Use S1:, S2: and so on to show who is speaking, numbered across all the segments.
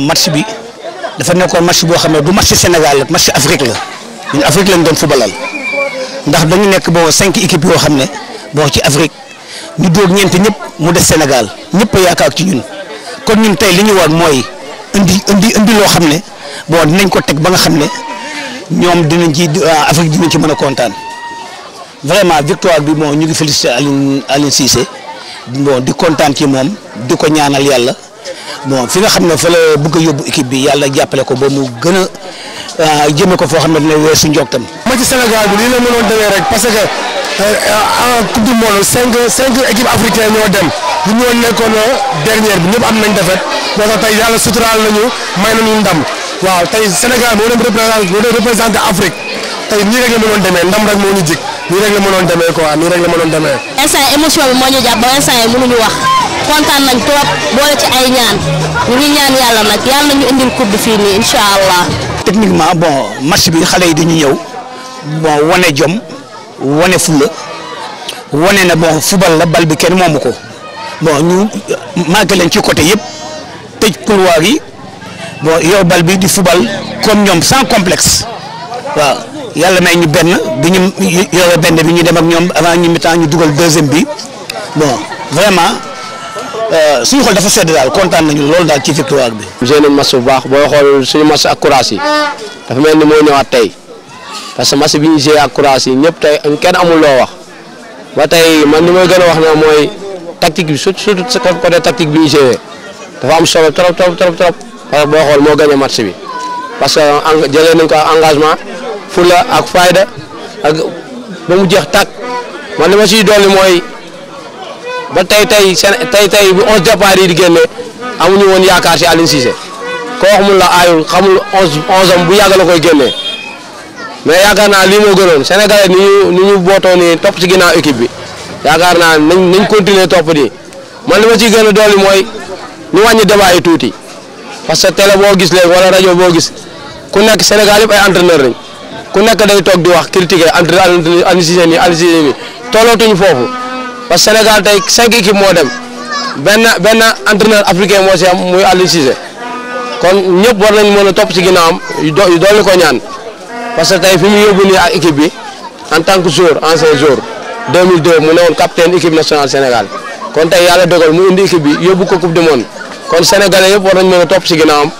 S1: match bi dafa nekkoon match boo xam ne du match Sénégal la match Afrique la ñun Afrique lañ doon footballal ndax dañu nekk boo cinq équipes yoo xam ne boo ci Afrique ñu doog ñeent ñëpp mu des Sénégal ñëpp yaakaar ci ñun kon ñun tey li ñu war mooy indi indi indi loo xam ne bon nañ ko teg ba nga xam ne ñoom dinañ ci Afrique dinañ ci mën a kontaan vraiment victoire bi bon ñu ngi félicité Alioune Alioune Cissé di kontaan ci moom di ko ñaanal yàlla. bon fi nga xam ne fa la bëgg a yóbbu équipe bi yàlla jàppale ko ba mu gën a ah, jëme ko foo xam ne dina weesu njoktam. ma ci Sénégal bi lii la
S2: demee rek parce que eh, en coupe du monde cinq cinq équipes africaines ñoo dem bu ñoo nekkoon dernière bi ñëpp am nañ defet moo tax tey yàlla suturaal nañu may nañu ndam waaw tey Sénégal moo doon représenté moo doon représenté Afrique tey nii rek la mënoon demee ndam rek moo ñu jig nii rek la mënoon demee quoi demee.
S1: instant émotion bi moo ñu jàpp ba instant mënuñu wax. kontaan nañ techniquement bon match bi xale yi dañu ñëw bon wane jom wane fulla wane na bon football la bal bi kenn moomu ko bon ñu leen ci côté yëpp tëj couloir yi bon yow bal bi di football comme ñoom sans complex waaw yàlla may ñu benn bi ñu yore bi ñu dem ak ñoom avant ñu mi temps dugal deuxième bi bon vraiment. Euh, suñu xol dafa sedd daal kontaan nañu lool daal ci victoire bi. joué nañ match bu baax booy
S2: xool suñu match ak courage yi dafa mel ni moo ñëwaat tey parce que match bi ñu joué ak courage yi ñëpp tey kenn amul loo wax ba tey man li may gën a wax na mooy tactique bi surtout surtout côté tactique bi ñu joué dafa am solo trop trop trop trop parce que booy xool moo gagné match bi parce que en nañ ko engagement fula ak fayda ak ba jeex tàkk man li ma siy dolli ba tey tey seen tey tey bu 11 départ yi di génne amuñu woon yaakaar si Aliou Cissé ko wax mun la aayul xamul 11 11 am bu yàgg la koy génne mais yaakaar naa lii moo gënoon Sénégalais ni ñu ni ñu bootoo nii topp si ginnaaw équipe bi yaakaar naa nañ nañ continuer topp di man li ma ciy gën a dolli mooy ñu wàññi débat yi tuuti parce que télé boo gis léegi wala rajo boo gis ku nekk Sénégal yëpp ay entraîneur lañ ku nekk day toog di wax critiquer entraîneur Aliou Cissé nii Aliou Cissé nii tollootuñu foofu. parce que Sénégal tey cinq équipes moo dem benn benn entraîneur africain moo si am muy Aliou kon ñëpp war nañ mën a topp si ginnaawam yu dolli ko ñaan parce que tey fi mu yóbbu nii ak bi en tant que joueur ancien joueur 2002 mu ne woon capitaine équipe nationale Sénégal kon tey yàlla dogal mu indi équipe bi yóbbu ko coupe du monde kon sénégalais yëpp war nañ mën a topp si ginnaawam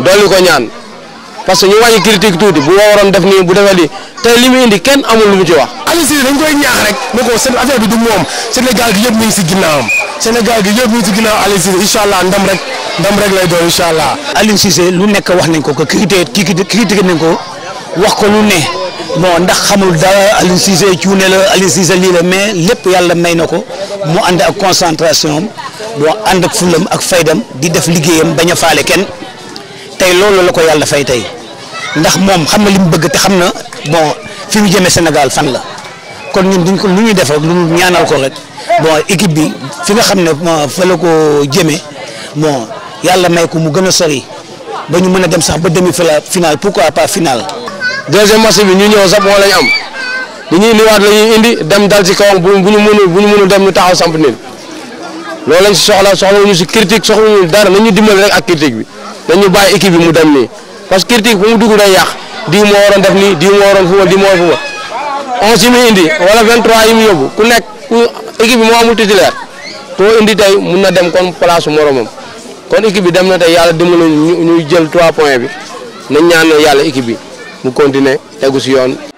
S2: dolli ko ñaan parce que ñu wàññi critique tuuti bu waroon def nii bu defee lii tey li mu indi kenn amul lu mu ci wax. Aliou Cissé dañ koy ñaax rek ne ko seen affaire bi du moom Sénégal gi yëpp ñu si ginnaawam
S1: Sénégal gi yëpp ñu ngi si ginnaaw Aliou Cissé incha ndam rek ndam rek lay doon incha allah. Aliou Cissé lu nekk wax nañ ko ko que critiqué critiqué nañ ko wax ko lu ne. bon ndax xamul dara Aliou Cissé cuune la Aliou Cissé lii la mais lépp yàlla may na ko mu ànd ak concentration am ànd ak fulam ak faydam di def liggéeyam bañ a faale kenn tey loolu la ko yàlla fay tey ndax moom xam na li mu bëgg te xam na bon fi mu Sénégal fan la. kon ñun duñ ko lu ñuy def rek lu ñaanal ko rek bon équipe bi fi nga xam ne fa la ko jëmee bon yàlla may ko mu gën a sori ba ñu mën a dem sax ba demi fa la finale pourquoi pas finale. deuxième match bi ñu ñëw sax moo lañ am
S2: dañuy liwaat la ñuy indi dem dal ci kawam bu ñu mënul bu ñu dem ñu taxaw samp nii loolu si soxla soxla wu ñu si critique soxla wu ñu dara nañu dimbali rek ak critique bi dañu bàyyi équipe bi mu dem nii parce que critique mu dugg day yàq diw moo waroon def nii diw moo waroon fuma diw moo waroon fuma onze si muy indi wala vingt trois yi mu yóbbu ku nekk ku équipe bi moo amul titulaire indi tey mun na dem kon place moromam kon équipe bi dem na tey yàlla dimbali ñu ñu jël trois points bi nañ ñaan yàlla équipe bi mu continuer tegu si yoon